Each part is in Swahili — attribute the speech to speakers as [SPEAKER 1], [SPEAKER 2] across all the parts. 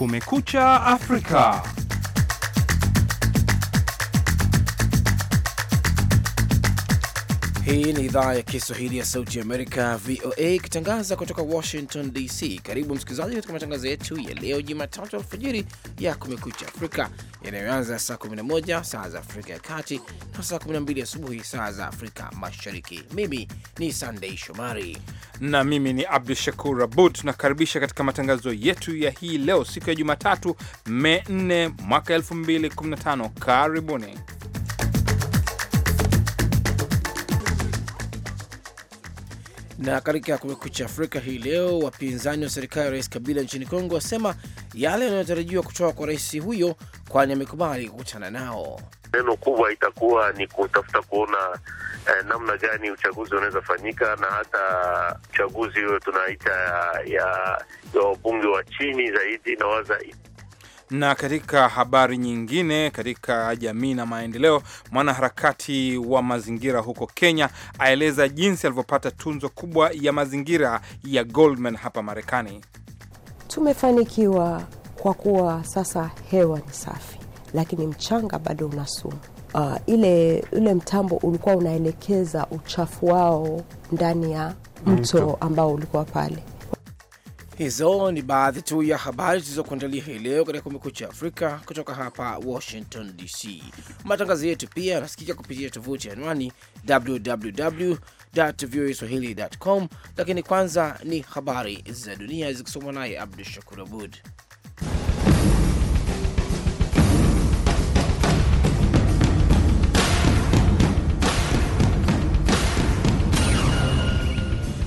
[SPEAKER 1] Kumekucha Afrika. Hii ni idhaa ya Kiswahili ya
[SPEAKER 2] Sauti ya Amerika, VOA, ikitangaza kutoka Washington DC. Karibu msikilizaji katika matangazo yetu ya leo Jumatatu alfajiri ya Kumekucha Afrika yanayoanza saa 11 saa za Afrika ya Kati na saa 12 asubuhi saa za Afrika Mashariki. Mimi ni
[SPEAKER 1] Sandei Shomari na mimi ni Abdu Shakur Abud. Tunakaribisha katika matangazo yetu ya hii leo, siku ya Jumatatu, Mei 4 mwaka 2015. Karibuni.
[SPEAKER 2] Na katika Kumekucha Afrika hii leo, wapinzani wa serikali ya Rais Kabila nchini Kongo wasema yale yanayotarajiwa kutoka kwa rais huyo, kwani amekubali kukutana nao.
[SPEAKER 3] Neno kubwa itakuwa ni kutafuta kuona eh, namna gani uchaguzi unaweza fanyika, na hata uchaguzi huyo tunaita ya wabunge wa chini zaidi, nawaza
[SPEAKER 1] na katika habari nyingine, katika jamii na maendeleo, mwanaharakati wa mazingira huko Kenya aeleza jinsi alivyopata tunzo kubwa ya mazingira ya Goldman hapa Marekani.
[SPEAKER 4] Tumefanikiwa kwa kuwa sasa hewa ni safi, lakini mchanga bado una sumu. Uh, ah, ile ule mtambo ulikuwa unaelekeza uchafu wao ndani ya mm. mto ambao ulikuwa pale
[SPEAKER 2] Hizo ni baadhi tu ya habari zilizokuandalia hii leo katika Kumekucha Afrika kutoka hapa Washington DC. Matangazo yetu pia yanasikika kupitia tovuti ya anwani www voa swahilicom, lakini kwanza ni habari za dunia zikisomwa naye Abdu Shakur Abud.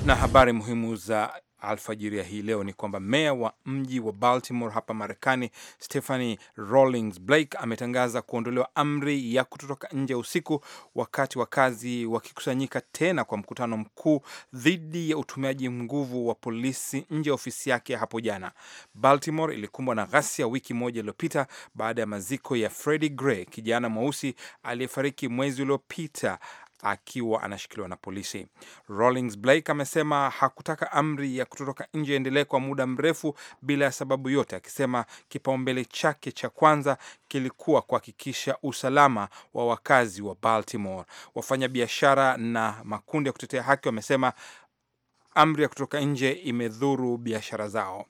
[SPEAKER 1] Na habari muhimu za alfajiri ya hii leo ni kwamba meya wa mji wa Baltimore hapa Marekani, Stephanie Rawlings Blake ametangaza kuondolewa amri ya kutotoka nje usiku, wakati wakazi wakikusanyika tena kwa mkutano mkuu dhidi ya utumiaji nguvu wa polisi nje ya ofisi yake hapo jana. Baltimore ilikumbwa na ghasia wiki moja iliyopita baada ya maziko ya Freddie Gray, kijana mweusi aliyefariki mwezi uliopita akiwa anashikiliwa na polisi. Rawlings Blake amesema hakutaka amri ya kutotoka nje endelee kwa muda mrefu bila ya sababu yote, akisema kipaumbele chake cha kwanza kilikuwa kuhakikisha usalama wa wakazi wa Baltimore. Wafanyabiashara na makundi ya kutetea haki wamesema amri ya kutoka nje imedhuru biashara zao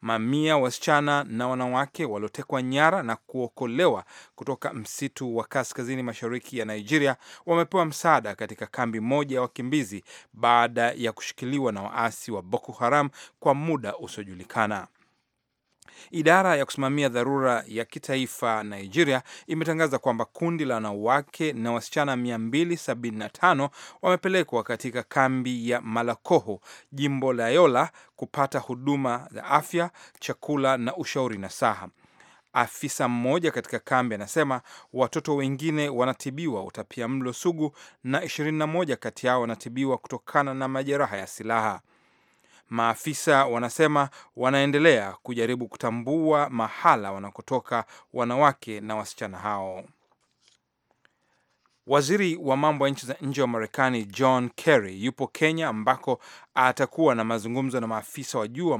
[SPEAKER 1] mamia wasichana na wanawake waliotekwa nyara na kuokolewa kutoka msitu wa kaskazini mashariki ya Nigeria wamepewa msaada katika kambi moja ya wakimbizi baada ya kushikiliwa na waasi wa Boko Haram kwa muda usiojulikana. Idara ya kusimamia dharura ya kitaifa Nigeria imetangaza kwamba kundi la wanawake na wasichana 275 wamepelekwa katika kambi ya Malakoho, jimbo la Yola, kupata huduma za afya, chakula na ushauri na saha Afisa mmoja katika kambi anasema watoto wengine wanatibiwa utapia mlo sugu na 21 kati yao wanatibiwa kutokana na majeraha ya silaha. Maafisa wanasema wanaendelea kujaribu kutambua mahala wanakotoka wanawake na wasichana hao. Waziri wa mambo ya nchi za nje wa Marekani John Kerry yupo Kenya ambako atakuwa na mazungumzo na maafisa wa juu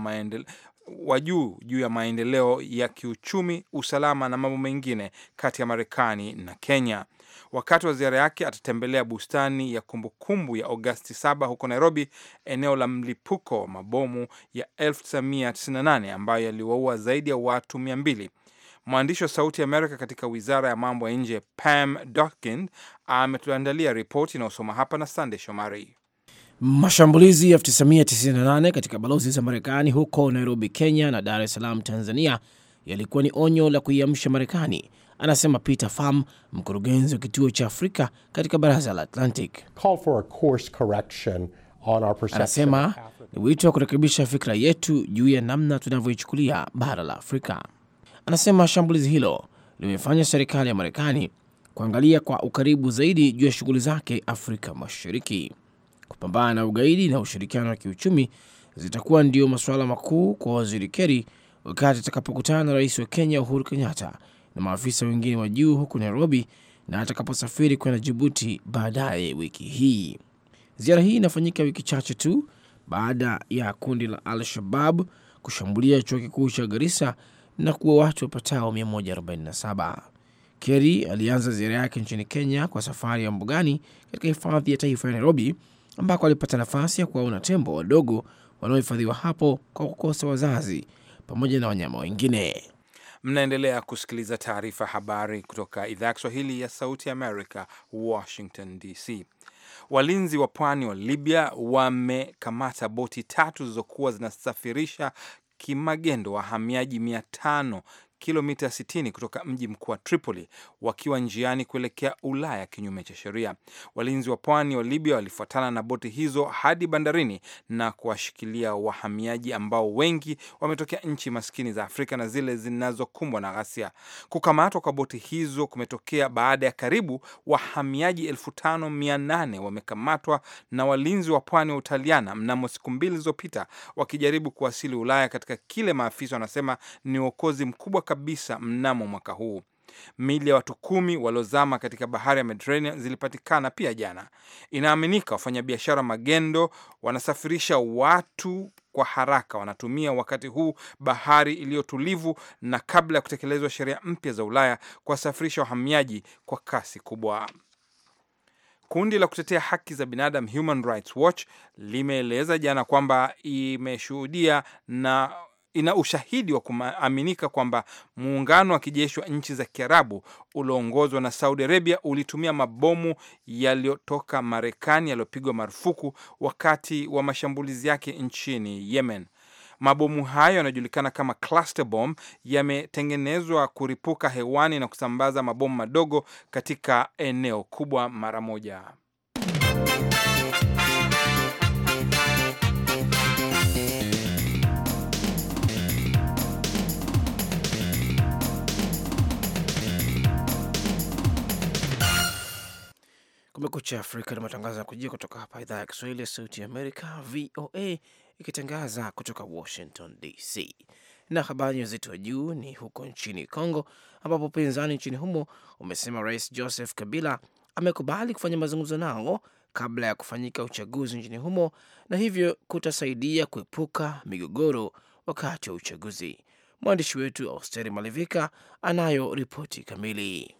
[SPEAKER 1] wa juu juu ya maendeleo ya kiuchumi, usalama na mambo mengine kati ya Marekani na Kenya. Wakati wa ziara yake atatembelea bustani ya kumbukumbu ya Agosti 7 huko Nairobi, eneo la mlipuko wa mabomu ya 1998 ambayo yaliwaua zaidi ya watu 200. Mwandishi wa Sauti Amerika katika wizara ya mambo ya nje Pam Dotkin ametuandalia ripoti inayosoma hapa na sandey Shomari.
[SPEAKER 2] Mashambulizi ya 1998 katika balozi za Marekani huko Nairobi, Kenya na Dar es Salaam, Tanzania yalikuwa ni onyo la kuiamsha Marekani anasema Peter Pham, mkurugenzi wa kituo cha Afrika katika baraza la Atlantic. Anasema ni wito wa kurekebisha fikra yetu juu ya namna tunavyoichukulia bara la Afrika. Anasema shambulizi hilo limefanya serikali ya Marekani kuangalia kwa ukaribu zaidi juu ya shughuli zake Afrika Mashariki. Kupambana na ugaidi na ushirikiano wa kiuchumi zitakuwa ndiyo masuala makuu kwa waziri keri wakati atakapokutana na rais wa Kenya Uhuru Kenyatta na maafisa wengine wa juu huku Nairobi na atakaposafiri kwenda Jibuti baadaye wiki hii. Ziara hii inafanyika wiki chache tu baada ya kundi la Al-Shabab kushambulia chuo kikuu cha Garissa na kuwa watu wapatao 147. Kerry alianza ziara yake nchini Kenya kwa safari ya mbugani katika hifadhi ya taifa ya Nairobi, ambako alipata nafasi ya kuwaona tembo wadogo wanaohifadhiwa hapo kwa kukosa wazazi pamoja na wanyama wengine.
[SPEAKER 1] Mnaendelea kusikiliza taarifa habari kutoka idhaa ya Kiswahili ya Sauti Amerika, Washington DC. Walinzi wa pwani wa Libya wamekamata boti tatu zilizokuwa zinasafirisha kimagendo wahamiaji mia tano kilomita 60 kutoka mji mkuu wa Tripoli wakiwa njiani kuelekea Ulaya kinyume cha sheria. Walinzi wa pwani wa Libya walifuatana na boti hizo hadi bandarini na kuwashikilia wahamiaji ambao wengi wametokea nchi maskini za Afrika na zile zinazokumbwa na ghasia. Kukamatwa kwa boti hizo kumetokea baada ya karibu wahamiaji 5800 wamekamatwa na walinzi wa pwani wa Utaliana mnamo siku mbili zilizopita wakijaribu kuwasili Ulaya katika kile maafisa wanasema ni uokozi mkubwa kabisa mnamo mwaka huu. Miili ya watu kumi waliozama katika bahari ya Mediterranean zilipatikana pia jana. Inaaminika wafanyabiashara magendo wanasafirisha watu kwa haraka, wanatumia wakati huu bahari iliyotulivu, na kabla ya kutekelezwa sheria mpya za Ulaya kuwasafirisha wahamiaji kwa kasi kubwa. Kundi la kutetea haki za binadamu Human Rights Watch limeeleza jana kwamba imeshuhudia na ina ushahidi wa kuaminika kwamba muungano wa kijeshi wa nchi za Kiarabu ulioongozwa na Saudi Arabia ulitumia mabomu yaliyotoka Marekani yaliyopigwa marufuku wakati wa mashambulizi yake nchini Yemen. Mabomu hayo yanayojulikana kama cluster bomb yametengenezwa kuripuka hewani na kusambaza mabomu madogo katika eneo kubwa mara moja.
[SPEAKER 2] Kumekucha Afrika na matangazo ya kujia kutoka hapa idhaa ya Kiswahili ya Sauti ya Amerika, VOA, ikitangaza kutoka Washington DC. Na habari ya uzito wa juu ni huko nchini congo ambapo upinzani nchini humo umesema Rais Joseph Kabila amekubali kufanya mazungumzo nao kabla ya kufanyika uchaguzi nchini humo, na hivyo kutasaidia kuepuka migogoro wakati wa uchaguzi. Mwandishi wetu Austeri Malivika anayo ripoti kamili.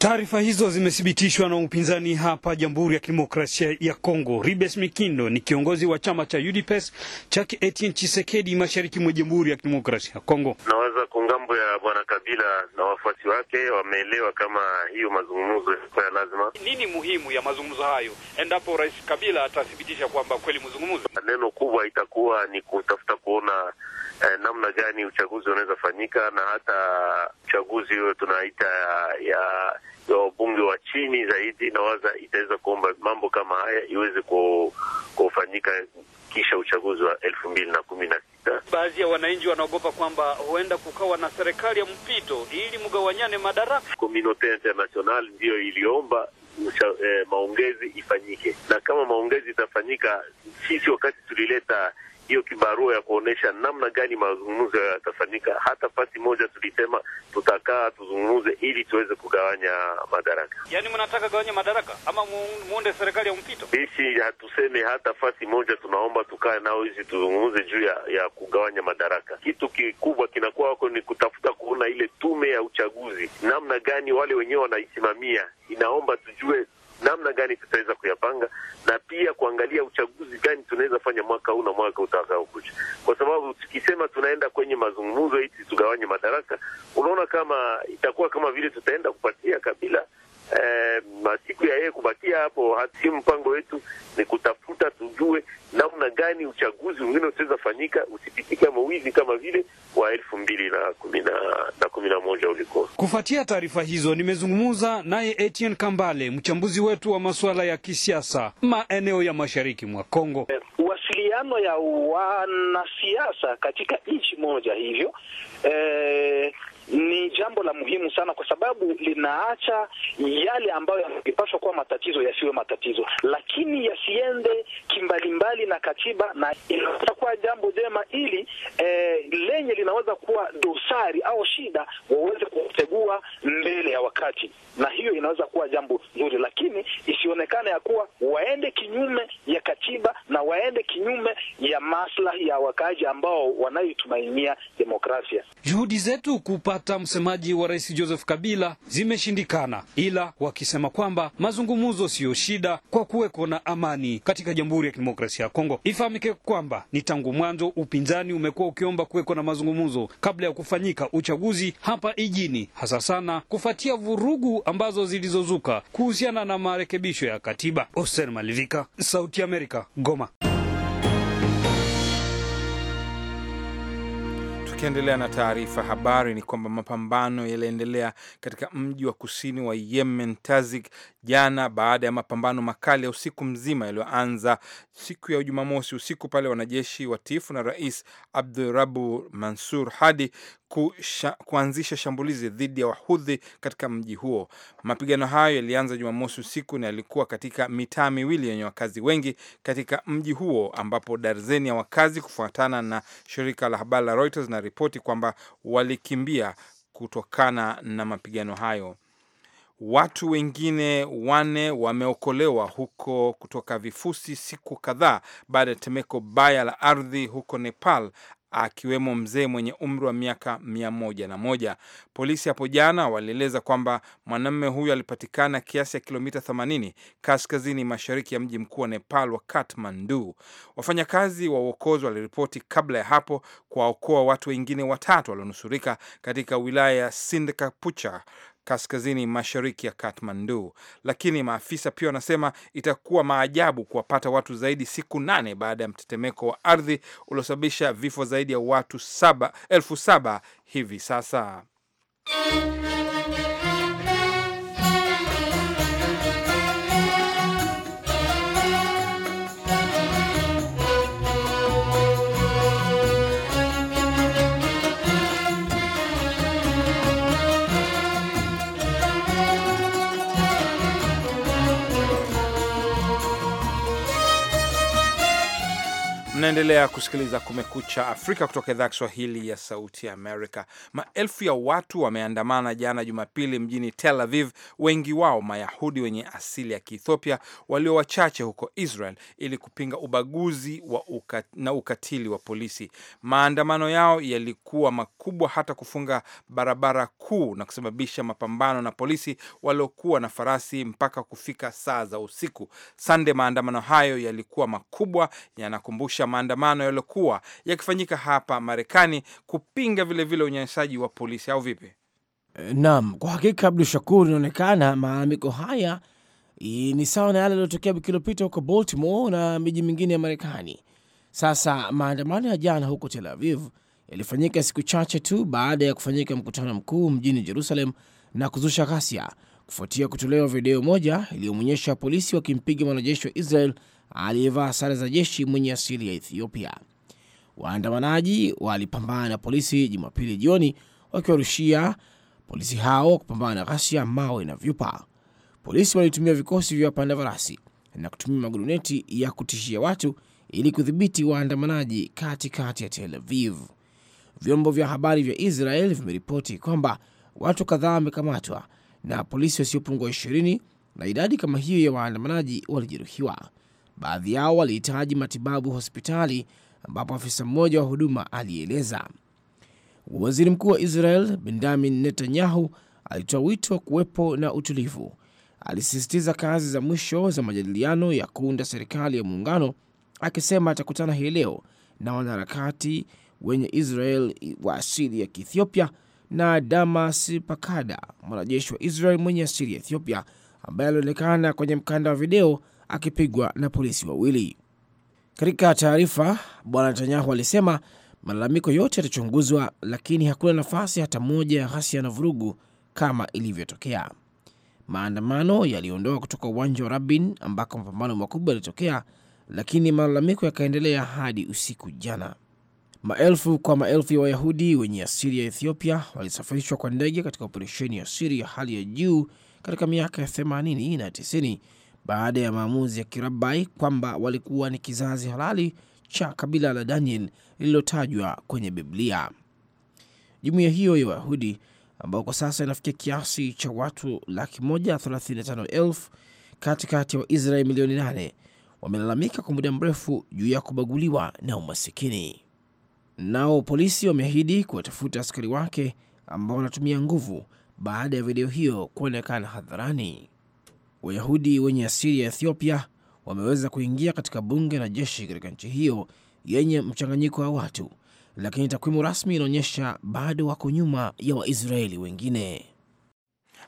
[SPEAKER 2] Taarifa hizo
[SPEAKER 5] zimethibitishwa na upinzani hapa Jamhuri ya Kidemokrasia ya Kongo. Ribes Mikindo ni kiongozi wa chama cha UDPS chake Etienne Chisekedi mashariki mwa Jamhuri ya Kidemokrasia ya Kongo.
[SPEAKER 3] Naweza kwa ngambo ya bwana Kabila na wafuasi wake wameelewa kama hiyo mazungumzo yalikuwa ya lazima. Nini muhimu ya mazungumzo hayo endapo Rais Kabila atathibitisha kwamba kweli mzungumzo? Neno kubwa itakuwa ni kutafuta kuona eh, namna gani uchaguzi unaweza fanyika na hata uchaguzi huyo tunaita ya ya wabunge wa chini zaidi, nawaza itaweza kuomba mambo kama haya iweze kufanyika kisha uchaguzi wa elfu mbili na kumi na sita.
[SPEAKER 5] Baadhi ya wananchi wanaogopa kwamba huenda kukawa na serikali ya mpito ili
[SPEAKER 3] mgawanyane madaraka. Komunote international ndiyo iliomba Usha, eh, maongezi ifanyike na kama maongezi itafanyika, sisi wakati tulileta hiyo kibarua ya kuonyesha namna gani mazungumzo yatafanyika. Hata pasi moja tulisema tutakaa tuzungumze ili tuweze kugawanya madaraka.
[SPEAKER 5] Yani mnataka kugawanya madaraka ama muunde serikali ya mpito?
[SPEAKER 3] Sisi hatuseme hata fasi moja, tunaomba tukae nao hizi tuzungumze juu ya, ya kugawanya madaraka. Kitu kikubwa kinakuwa wako ni kutafuta kuona ile tume ya uchaguzi namna gani wale wenyewe wanaisimamia, inaomba tujue namna gani tutaweza kuyapanga na pia kuangalia uchaguzi gani tunaweza fanya mwaka huu na mwaka utakaokuja, kwa sababu tukisema tunaenda kwenye mazungumzo hiti tugawanye madaraka, unaona kama itakuwa kama vile tutaenda kupatia kabila eh, masiku ya yeye kubakia hapo. Hasi mpango wetu ni kutafuta tujue namna gani uchaguzi mwingine utaweza fanyika usipitike mawizi kama vile wa elfu mbili na kumi na
[SPEAKER 5] Kufuatia taarifa hizo, nimezungumza naye Etienne Kambale, mchambuzi wetu wa masuala ya kisiasa maeneo ya mashariki mwa Kongo. Uwasiliano eh, ya wanasiasa katika nchi moja hivyo e ni jambo la muhimu sana kwa sababu linaacha yale ambayo yangepaswa kuwa matatizo yasiwe matatizo, lakini yasiende kimbalimbali na katiba, na inaweza kuwa jambo jema ili e, lenye linaweza kuwa dosari au shida waweze kutegua mbele ya wakati, na hiyo inaweza kuwa jambo nzuri lakini isionekane ya kuwa waende kinyume ya katiba na waende kinyume ya maslahi ya wakaaji ambao wanayoitumainia demokrasia. Juhudi zetu kupata msemaji wa Rais Joseph Kabila zimeshindikana, ila wakisema kwamba mazungumzo siyo shida kwa kuweko na amani katika jambo Jamhuri ya Kidemokrasia ya Kongo. Ifahamike kwamba ni tangu mwanzo upinzani umekuwa ukiomba kuwekwa na mazungumzo kabla ya kufanyika uchaguzi hapa ijini, hasa sana kufuatia vurugu ambazo zilizozuka kuhusiana na marekebisho ya katiba. Osen Malivika, Sauti ya Amerika, Goma.
[SPEAKER 1] Tukiendelea na taarifa habari ni kwamba mapambano yaliendelea katika mji wa kusini wa Yemen Tazik jana baada ya mapambano makali ya usiku mzima yaliyoanza siku ya Jumamosi usiku pale wanajeshi watiifu na Rais Abdurabu Mansur Hadi kusha, kuanzisha shambulizi dhidi ya Wahudhi katika mji huo. Mapigano hayo yalianza Jumamosi usiku na yalikuwa katika mitaa miwili yenye wakazi wengi katika mji huo, ambapo darzeni ya wakazi, kufuatana na shirika la habari la Reuters, na ripoti kwamba walikimbia kutokana na mapigano hayo. Watu wengine wane wameokolewa huko kutoka vifusi siku kadhaa baada ya tetemeko baya la ardhi huko Nepal, akiwemo mzee mwenye umri wa miaka mia moja na moja. Polisi hapo jana walieleza kwamba mwanamume huyo alipatikana kiasi ya kilomita 80 kaskazini mashariki ya mji mkuu wa Nepal wa Kathmandu. Wafanyakazi wa uokozi waliripoti kabla ya hapo kuwaokoa watu wengine watatu walionusurika katika wilaya ya sindkapucha kaskazini mashariki ya Kathmandu, lakini maafisa pia wanasema itakuwa maajabu kuwapata watu zaidi siku nane baada ya mtetemeko wa ardhi uliosababisha vifo zaidi ya watu saba, elfu saba hivi sasa. Mnaendelea kusikiliza Kumekucha Afrika kutoka idhaa ya Kiswahili ya Sauti ya Amerika. Maelfu ya watu wameandamana jana Jumapili mjini Tel Aviv, wengi wao Mayahudi wenye asili ya Kiethiopia walio wachache huko Israel, ili kupinga ubaguzi wa ukat, na ukatili wa polisi. Maandamano yao yalikuwa makubwa hata kufunga barabara kuu na kusababisha mapambano na polisi waliokuwa na farasi mpaka kufika saa za usiku. Sande, maandamano hayo yalikuwa makubwa, yanakumbusha maandamano yaliyokuwa yakifanyika hapa Marekani kupinga vilevile unyanyasaji wa polisi au vipi?
[SPEAKER 2] Eh, naam, kwa hakika Abdu Shakur, inaonekana malalamiko haya ni sawa na yale yaliyotokea wiki iliyopita huko Baltimore na miji mingine ya Marekani. Sasa maandamano ya jana huko Tel Aviv yalifanyika siku chache tu baada ya kufanyika mkutano mkuu mjini Jerusalem na kuzusha ghasia kufuatia kutolewa video moja iliyomwonyesha polisi wakimpiga mwanajeshi wa Israel aliyevaa sare za jeshi mwenye asili ya Ethiopia. Waandamanaji walipambana na polisi Jumapili jioni wakiwarushia polisi hao kupambana na ghasia, mawe na vyupa. Polisi walitumia vikosi vya wapanda farasi na kutumia maguruneti ya kutishia watu ili kudhibiti waandamanaji katikati ya Tel Aviv. Vyombo vya habari vya Israel vimeripoti kwamba watu kadhaa wamekamatwa na polisi wasiopungua ishirini na idadi kama hiyo ya waandamanaji walijeruhiwa. Baadhi yao walihitaji matibabu hospitali, ambapo afisa mmoja wa huduma alieleza. Waziri mkuu wa Israel Benjamin Netanyahu alitoa wito wa kuwepo na utulivu. Alisisitiza kazi za mwisho za majadiliano ya kuunda serikali ya muungano, akisema atakutana hii leo na wanaharakati wenye Israel wa asili ya Kiethiopia na Damas Pakada, mwanajeshi wa Israel mwenye asili ya Ethiopia ambaye alionekana kwenye mkanda wa video akipigwa na polisi wawili. Katika taarifa, Bwana Netanyahu alisema malalamiko yote yatachunguzwa, lakini hakuna nafasi hata moja ya ghasia na vurugu kama ilivyotokea. Maandamano yaliondoa kutoka uwanja wa Rabin ambako mapambano makubwa yalitokea, lakini malalamiko yakaendelea hadi usiku jana. Maelfu kwa maelfu ya Wayahudi wenye asili ya Ethiopia walisafirishwa kwa ndege katika operesheni ya siri ya hali ya juu katika miaka ya 80 na 90 baada ya maamuzi ya Kirabai kwamba walikuwa ni kizazi halali cha kabila la Daniel lililotajwa kwenye Biblia. Jumuiya hiyo ya Wayahudi ambao kwa sasa inafikia kiasi cha watu laki moja thelathini na tano elfu katikati ya Waisraeli milioni nane wamelalamika kwa muda mrefu juu ya kubaguliwa na umasikini. Nao polisi wameahidi kuwatafuta askari wake ambao wanatumia nguvu baada ya video hiyo kuonekana hadharani. Wayahudi wenye asili ya Ethiopia wameweza kuingia katika bunge na jeshi katika nchi hiyo yenye mchanganyiko wa watu, lakini takwimu rasmi inaonyesha bado wako nyuma ya Waisraeli wengine.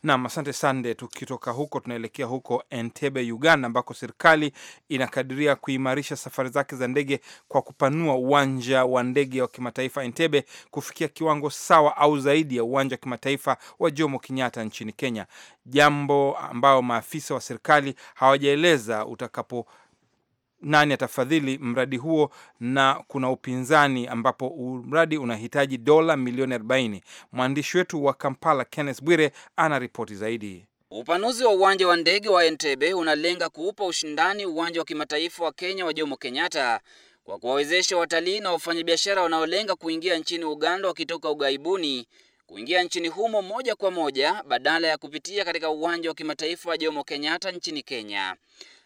[SPEAKER 1] Naam, asante Sande. Tukitoka huko, tunaelekea huko Entebbe, Uganda, ambako serikali inakadiria kuimarisha safari zake za ndege kwa kupanua uwanja wa ndege wa kimataifa Entebbe kufikia kiwango sawa au zaidi ya uwanja wa kimataifa wa Jomo Kenyatta nchini Kenya, jambo ambayo maafisa wa serikali hawajaeleza utakapo nani atafadhili mradi huo, na kuna upinzani ambapo mradi unahitaji dola milioni 40. Mwandishi wetu wa Kampala Kenneth Bwire ana ripoti zaidi.
[SPEAKER 6] Upanuzi wa uwanja wa ndege wa Entebbe unalenga kuupa ushindani uwanja wa kimataifa wa Kenya wa Jomo Kenyatta kwa kuwawezesha watalii na wafanyabiashara wanaolenga kuingia nchini Uganda wakitoka ughaibuni kuingia nchini humo moja kwa moja badala ya kupitia katika uwanja wa kimataifa wa Jomo Kenyatta nchini Kenya.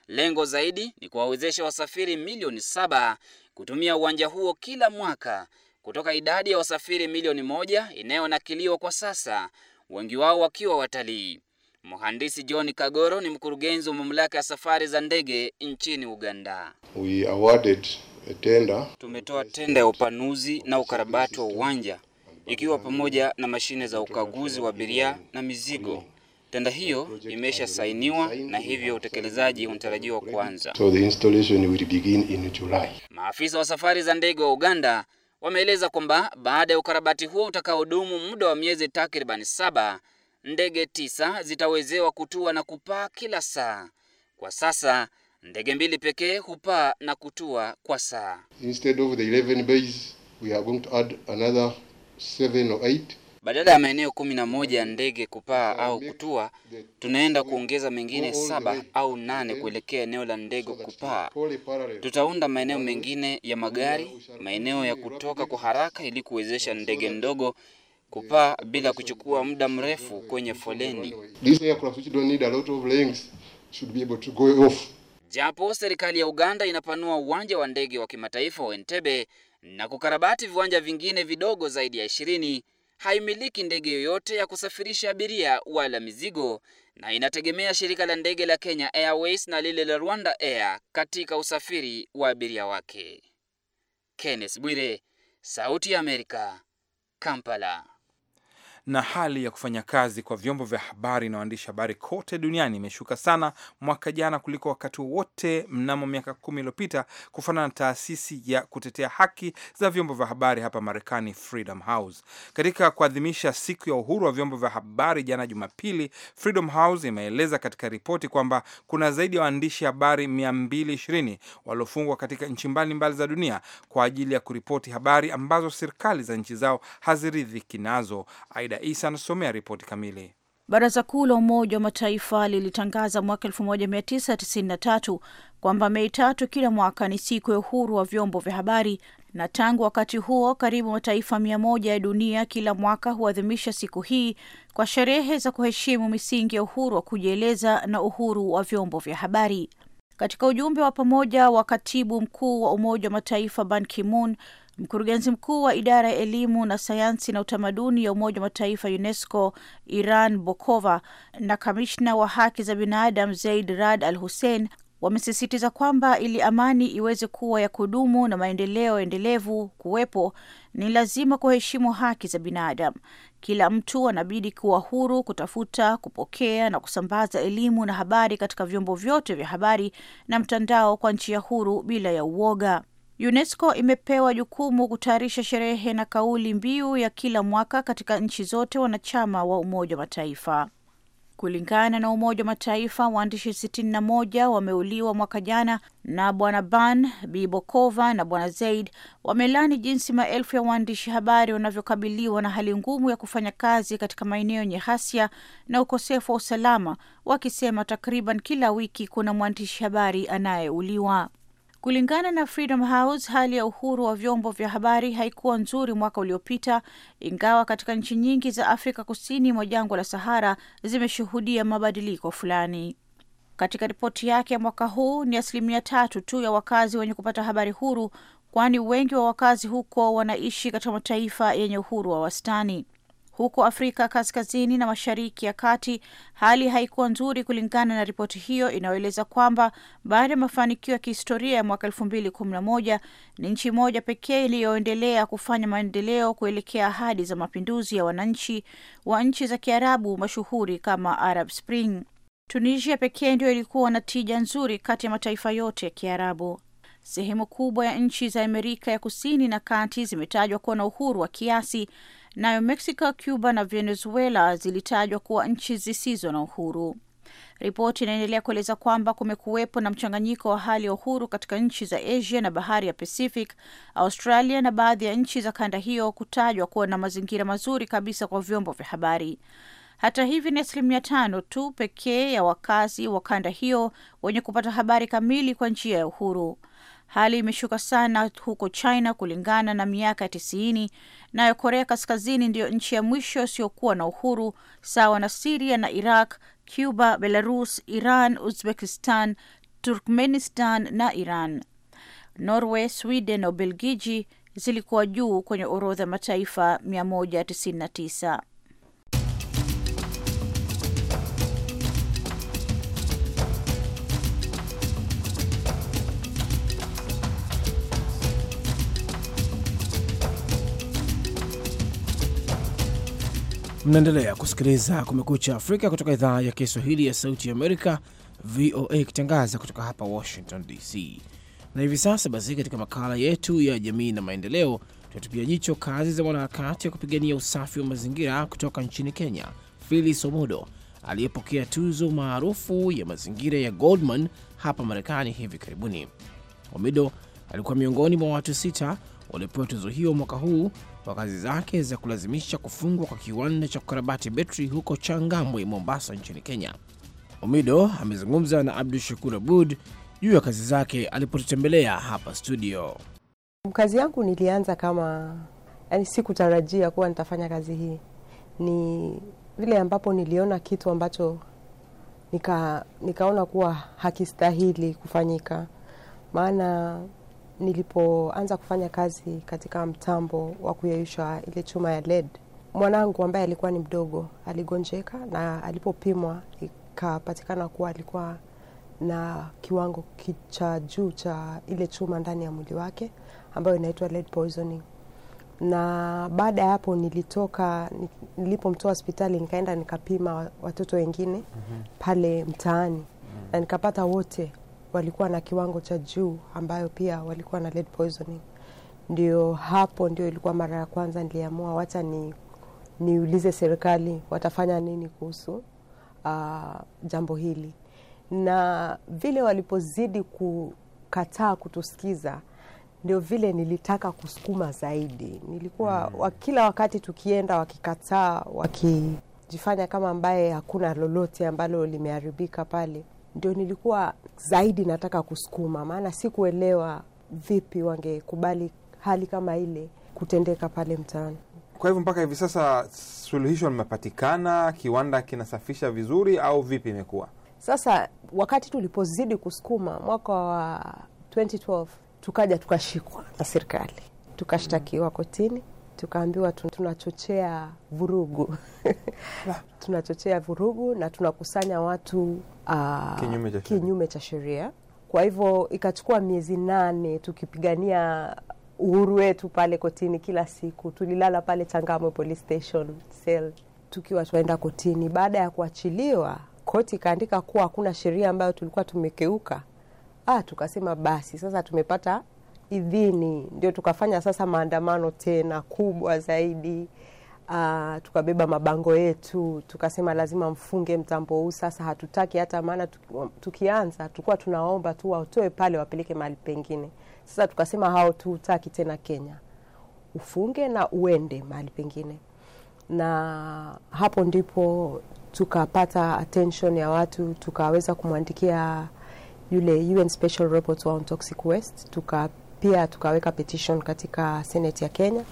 [SPEAKER 6] Lengo zaidi ni kuwawezesha wasafiri milioni saba kutumia uwanja huo kila mwaka kutoka idadi ya wasafiri milioni moja inayonakiliwa kwa sasa, wengi wao wakiwa watalii. Mhandisi John Kagoro ni mkurugenzi wa mamlaka ya safari za ndege nchini Uganda.
[SPEAKER 4] We awarded a tender.
[SPEAKER 6] Tumetoa tenda ya upanuzi na ukarabati wa uwanja ikiwa pamoja na mashine za ukaguzi wa abiria na mizigo Tenda hiyo imesha sainiwa na hivyo utekelezaji unatarajiwa kuanza. So
[SPEAKER 4] the installation will begin in July.
[SPEAKER 6] Maafisa wa safari za ndege wa Uganda wameeleza kwamba baada ya ukarabati huo utakaodumu muda wa miezi takribani saba, ndege tisa zitawezewa kutua na kupaa kila saa. Kwa sasa ndege mbili pekee hupaa na kutua kwa saa.
[SPEAKER 4] Instead of the 11 bays, we are going to add another 7 or 8.
[SPEAKER 6] Badala ya maeneo kumi na moja ya ndege kupaa au kutua, tunaenda kuongeza mengine saba au nane kuelekea eneo la ndege kupaa. Tutaunda maeneo mengine ya magari, maeneo ya kutoka kwa haraka ili kuwezesha ndege ndogo kupaa bila kuchukua muda mrefu kwenye foleni. Japo serikali ya Uganda inapanua uwanja wa ndege wa kimataifa wa Entebbe na kukarabati viwanja vingine vidogo zaidi ya ishirini haimiliki ndege yoyote ya kusafirisha abiria wala mizigo na inategemea shirika la ndege la Kenya Airways na lile la Rwanda Air katika usafiri wa abiria wake. Kenneth Bwire, Sauti ya Amerika, Kampala
[SPEAKER 1] na hali ya kufanya kazi kwa vyombo vya habari na waandishi habari kote duniani imeshuka sana mwaka jana kuliko wakati wowote mnamo miaka kumi iliyopita, kufanana na taasisi ya kutetea haki za vyombo vya habari hapa Marekani, Freedom House. Katika kuadhimisha siku ya uhuru wa vyombo vya habari jana Jumapili, Freedom House imeeleza katika ripoti kwamba kuna zaidi ya waandishi habari 220 waliofungwa katika nchi mbalimbali za dunia kwa ajili ya kuripoti habari ambazo serikali za nchi zao haziridhiki nazo. Aida Aida Isa anasomea ripoti kamili.
[SPEAKER 7] Baraza Kuu la Umoja wa Mataifa lilitangaza mwaka 1993 kwamba Mei tatu kila mwaka ni siku ya uhuru wa vyombo vya habari, na tangu wakati huo karibu mataifa mia moja ya dunia kila mwaka huadhimisha siku hii kwa sherehe za kuheshimu misingi ya uhuru wa kujieleza na uhuru wa vyombo vya habari. Katika ujumbe wa pamoja wa katibu mkuu wa Umoja wa Mataifa Ban Ki-moon Mkurugenzi mkuu wa idara ya elimu na sayansi na utamaduni ya Umoja wa Mataifa UNESCO Iran Bokova na kamishna wa haki za binadamu Zaid Rad Al Hussein wamesisitiza kwamba ili amani iweze kuwa ya kudumu na maendeleo endelevu kuwepo, ni lazima kuheshimu haki za binadamu. Kila mtu anabidi kuwa huru kutafuta, kupokea na kusambaza elimu na habari katika vyombo vyote vya habari na mtandao kwa njia huru bila ya uoga. UNESCO imepewa jukumu kutayarisha sherehe na kauli mbiu ya kila mwaka katika nchi zote wanachama wa Umoja wa Mataifa. Kulingana na Umoja wa Mataifa, waandishi 61 wameuliwa mwaka jana, na Bwana Ban, Bibokova Bokova na Bwana Zaid wamelani jinsi maelfu ya waandishi habari wanavyokabiliwa na hali ngumu ya kufanya kazi katika maeneo yenye ghasia na ukosefu wa usalama, wakisema takriban kila wiki kuna mwandishi habari anayeuliwa. Kulingana na Freedom House, hali ya uhuru wa vyombo vya habari haikuwa nzuri mwaka uliopita, ingawa katika nchi nyingi za Afrika kusini mwa jangwa la Sahara zimeshuhudia mabadiliko fulani. Katika ripoti yake ya mwaka huu, ni asilimia tatu tu ya wakazi wenye kupata habari huru, kwani wengi wa wakazi huko wanaishi katika mataifa yenye uhuru wa wastani. Huko Afrika Kaskazini na Mashariki ya Kati hali haikuwa nzuri, kulingana na ripoti hiyo inayoeleza kwamba baada ya mafanikio ya kihistoria ya mwaka elfu mbili kumi na moja ni nchi moja pekee iliyoendelea kufanya maendeleo kuelekea ahadi za mapinduzi ya wananchi wa nchi za Kiarabu mashuhuri kama Arab Spring. Tunisia pekee ndio ilikuwa na tija nzuri kati ya mataifa yote ya Kiarabu. Sehemu kubwa ya nchi za Amerika ya Kusini na Kati zimetajwa kuwa na uhuru wa kiasi nayo Mexico, Cuba na Venezuela zilitajwa kuwa nchi zisizo na uhuru. Ripoti inaendelea kueleza kwamba kumekuwepo na mchanganyiko wa hali ya uhuru katika nchi za Asia na bahari ya Pacific, Australia na baadhi ya nchi za kanda hiyo kutajwa kuwa na mazingira mazuri kabisa kwa vyombo vya habari. Hata hivi ni asilimia tano tu pekee ya wakazi wa kanda hiyo wenye kupata habari kamili kwa njia ya uhuru. Hali imeshuka sana huko China kulingana na miaka ya tisini, nayo Korea Kaskazini ndiyo nchi ya mwisho isiyokuwa na uhuru sawa na Siria na Iraq, Cuba, Belarus, Iran, Uzbekistan, Turkmenistan na Iran. Norway, Sweden na Ubelgiji zilikuwa juu kwenye orodha mataifa 199.
[SPEAKER 2] Mnaendelea kusikiliza Kumekucha Afrika kutoka idhaa ya Kiswahili ya Sauti Amerika, VOA, ikitangaza kutoka hapa Washington DC. Na hivi sasa basi, katika makala yetu ya jamii na maendeleo, tunatupia jicho kazi za mwanaharakati wa kupigania usafi wa mazingira kutoka nchini Kenya, Phyllis Omodo aliyepokea tuzo maarufu ya mazingira ya Goldman hapa Marekani hivi karibuni. Omido alikuwa miongoni mwa watu sita waliopewa tuzo hiyo mwaka huu kwa kazi zake za kulazimisha kufungwa kwa kiwanda cha kukarabati betri huko Changambwe, Mombasa nchini Kenya. Omido amezungumza na Abdu Shakur Abud juu ya kazi zake alipotutembelea hapa studio.
[SPEAKER 4] Kazi yangu nilianza kama yani, sikutarajia kuwa nitafanya kazi hii. Ni vile ambapo niliona kitu ambacho nika, nikaona kuwa hakistahili kufanyika, maana nilipoanza kufanya kazi katika mtambo wa kuyeyusha ile chuma ya LED, mwanangu ambaye alikuwa ni mdogo aligonjeka, na alipopimwa ikapatikana kuwa alikuwa na kiwango cha juu cha ile chuma ndani ya mwili wake ambayo inaitwa lead poisoning. Na baada ya hapo nilitoka, nilipomtoa hospitali nikaenda nikapima watoto wengine mm -hmm. pale mtaani mm -hmm. na nikapata wote walikuwa na kiwango cha juu ambayo pia walikuwa na lead poisoning. Ndio hapo ndio ilikuwa mara ya kwanza niliamua wacha ni niulize serikali watafanya nini kuhusu uh, jambo hili, na vile walipozidi kukataa kutusikiza ndio vile nilitaka kusukuma zaidi. Nilikuwa mm. kila wakati tukienda wakikataa, wakijifanya kama ambaye hakuna lolote ambalo limeharibika pale ndio nilikuwa zaidi nataka kusukuma, maana sikuelewa vipi wangekubali hali kama ile kutendeka pale mtaani.
[SPEAKER 1] Kwa hivyo mpaka hivi sasa suluhisho limepatikana, kiwanda kinasafisha vizuri au vipi imekuwa?
[SPEAKER 4] Sasa wakati tulipozidi kusukuma mwaka wa 2012 tukaja tukashikwa na serikali tukashtakiwa kotini tukaambiwa tunachochea vurugu tunachochea vurugu na tunakusanya watu uh, kinyume cha sheria. Kwa hivyo ikachukua miezi nane tukipigania uhuru wetu pale kotini. Kila siku tulilala pale Changamwe police station cell tukiwa tunaenda kotini. Baada ya kuachiliwa, koti ikaandika kuwa hakuna sheria ambayo tulikuwa tumekeuka. Ah, tukasema basi sasa tumepata idhini, ndio tukafanya sasa maandamano tena kubwa zaidi. Aa, ah, tukabeba mabango yetu tukasema lazima mfunge mtambo huu sasa, hatutaki hata maana tukianza tukuwa tunaomba tu watoe pale wapeleke mahali pengine. Sasa tukasema hao tutaki tena Kenya, ufunge na uende mahali pengine, na hapo ndipo tukapata attention ya watu, tukaweza kumwandikia yule UN Special Report wa on Toxic Waste tuka pia tukaweka petition katika Senate ya Kenya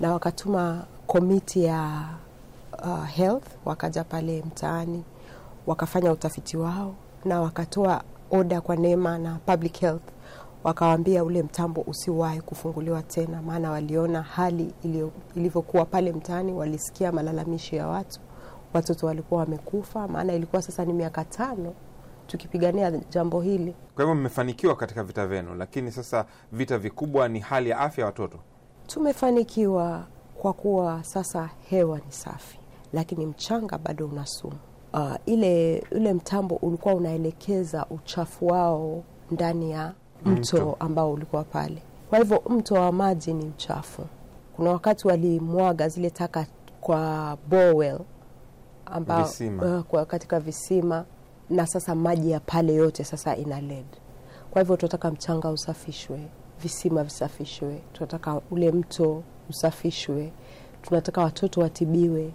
[SPEAKER 4] na wakatuma komiti ya uh, health wakaja pale mtaani wakafanya utafiti wao na wakatoa oda kwa NEMA na public health wakawambia ule mtambo usiwahi kufunguliwa tena, maana waliona hali ilivyokuwa pale mtaani, walisikia malalamishi ya watu, watoto walikuwa wamekufa, maana ilikuwa sasa ni miaka tano tukipigania jambo hili.
[SPEAKER 1] Kwa hivyo mmefanikiwa katika vita vyenu, lakini sasa vita vikubwa ni hali ya afya ya watoto.
[SPEAKER 4] Tumefanikiwa kwa kuwa sasa hewa ni safi, lakini mchanga bado una sumu. Uh, ile ule mtambo ulikuwa unaelekeza uchafu wao ndani ya mto, mto ambao ulikuwa pale. Kwa hivyo mto wa maji ni mchafu. Kuna wakati walimwaga zile taka kwa bowel ambao, uh, kwa katika visima na sasa maji ya pale yote sasa ina led Kwa hivyo tunataka mchanga usafishwe, visima visafishwe, tunataka ule mto usafishwe, tunataka watoto watibiwe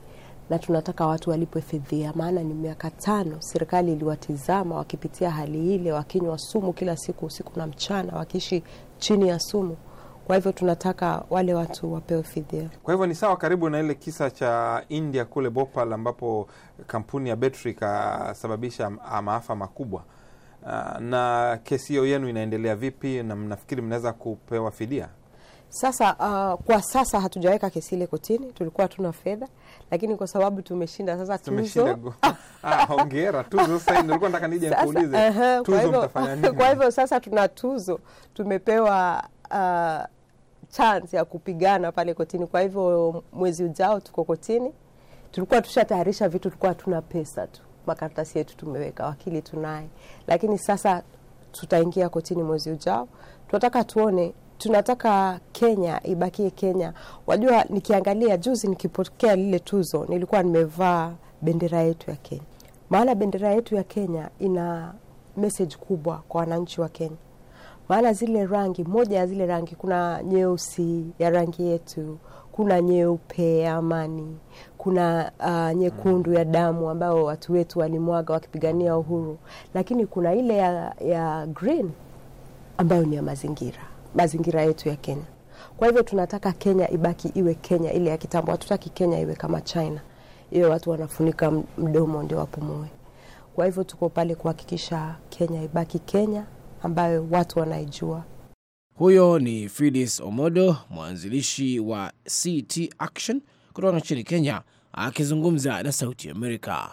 [SPEAKER 4] na tunataka watu walipwe fidhia. Maana ni miaka tano serikali iliwatizama wakipitia hali ile, wakinywa sumu kila siku, usiku na mchana, wakiishi chini ya sumu. Kwa hivyo tunataka wale watu wapewe fidia.
[SPEAKER 1] Kwa hivyo ni sawa, karibu na ile kisa cha India kule bopal ambapo kampuni ya betri ikasababisha maafa makubwa. Ah, na kesi hiyo yenu inaendelea vipi, na mnafikiri mnaweza kupewa fidia?
[SPEAKER 4] Sasa uh, kwa sasa hatujaweka kesi ile kotini, tulikuwa hatuna fedha, lakini kwa sababu tumeshinda sasa tuzo.
[SPEAKER 1] Ah, tuzo mtafanya nini? Kwa
[SPEAKER 4] hivyo sasa tuna tuzo tumepewa uh, chance ya kupigana pale kotini. Kwa hivyo mwezi ujao tuko kotini. Tulikuwa tushatayarisha vitu, tulikuwa hatuna pesa tu, makaratasi yetu tumeweka, wakili tunaye, lakini sasa tutaingia kotini mwezi ujao. Tunataka tuone, tunataka Kenya ibakie Kenya. Wajua, nikiangalia juzi, nikipokea lile tuzo, nilikuwa nimevaa bendera yetu ya Kenya, maana bendera yetu ya Kenya ina message kubwa kwa wananchi wa Kenya maana zile rangi, moja ya zile rangi, kuna nyeusi ya rangi yetu, kuna nyeupe ya amani, kuna uh, nyekundu ya damu ambayo watu wetu walimwaga wakipigania uhuru, lakini kuna ile ya, ya green ambayo ni ya mazingira, mazingira yetu ya Kenya. Kwa hivyo tunataka Kenya ibaki iwe Kenya ile ya kitambo, hatutaki Kenya iwe kama China, iwe watu wanafunika mdomo ndio wapumue. Kwa hivyo tuko pale kuhakikisha Kenya ibaki Kenya ambayo watu wanaijua.
[SPEAKER 2] Huyo ni Filis Omodo, mwanzilishi wa CT Action kutoka nchini Kenya, akizungumza na Sauti Amerika.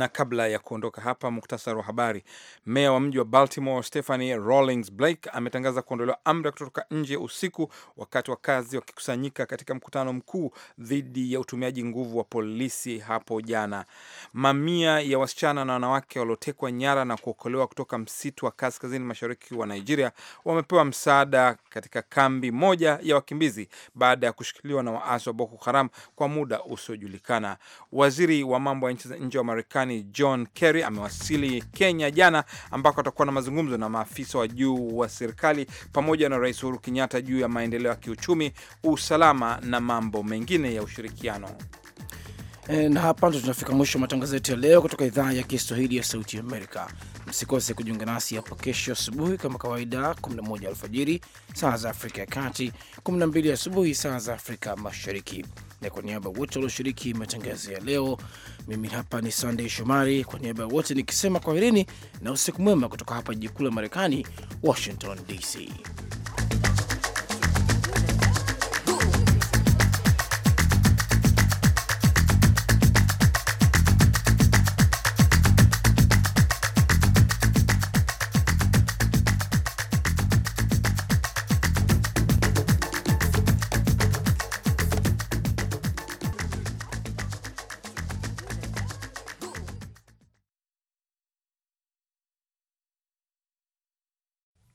[SPEAKER 1] Na kabla ya kuondoka hapa, muktasari wa habari. Meya wa mji wa Baltimore Stephanie Rawlings Blake ametangaza kuondolewa amri ya kutotoka nje usiku, wakati wakazi wakikusanyika katika mkutano mkuu dhidi ya utumiaji nguvu wa polisi hapo jana. Mamia ya wasichana na wanawake waliotekwa nyara na kuokolewa kutoka msitu wa kaskazini mashariki wa Nigeria wamepewa msaada katika kambi moja ya wakimbizi baada ya kushikiliwa na waasi wa Boko Haram kwa muda usiojulikana. Waziri wa mambo ya nchi za nje wa Marekani Marekani John Kerry amewasili Kenya jana, ambako atakuwa na mazungumzo na maafisa wa juu wa serikali pamoja na Rais Uhuru Kenyatta juu ya maendeleo ya kiuchumi, usalama na mambo mengine ya ushirikiano.
[SPEAKER 2] E, na hapa ndo tunafika mwisho wa matangazo yetu ya leo kutoka idhaa ya Kiswahili ya Sauti Amerika. Msikose kujiunga nasi hapo kesho asubuhi kama kawaida, 11 alfajiri saa za Afrika ya Kati, 12 asubuhi saa za Afrika Mashariki na kwa niaba wote walioshiriki matangazo ya leo, mimi hapa ni Sandey Shomari kwa niaba ya wote nikisema kwaherini na usiku mwema kutoka hapa jiji kuu la Marekani, Washington DC.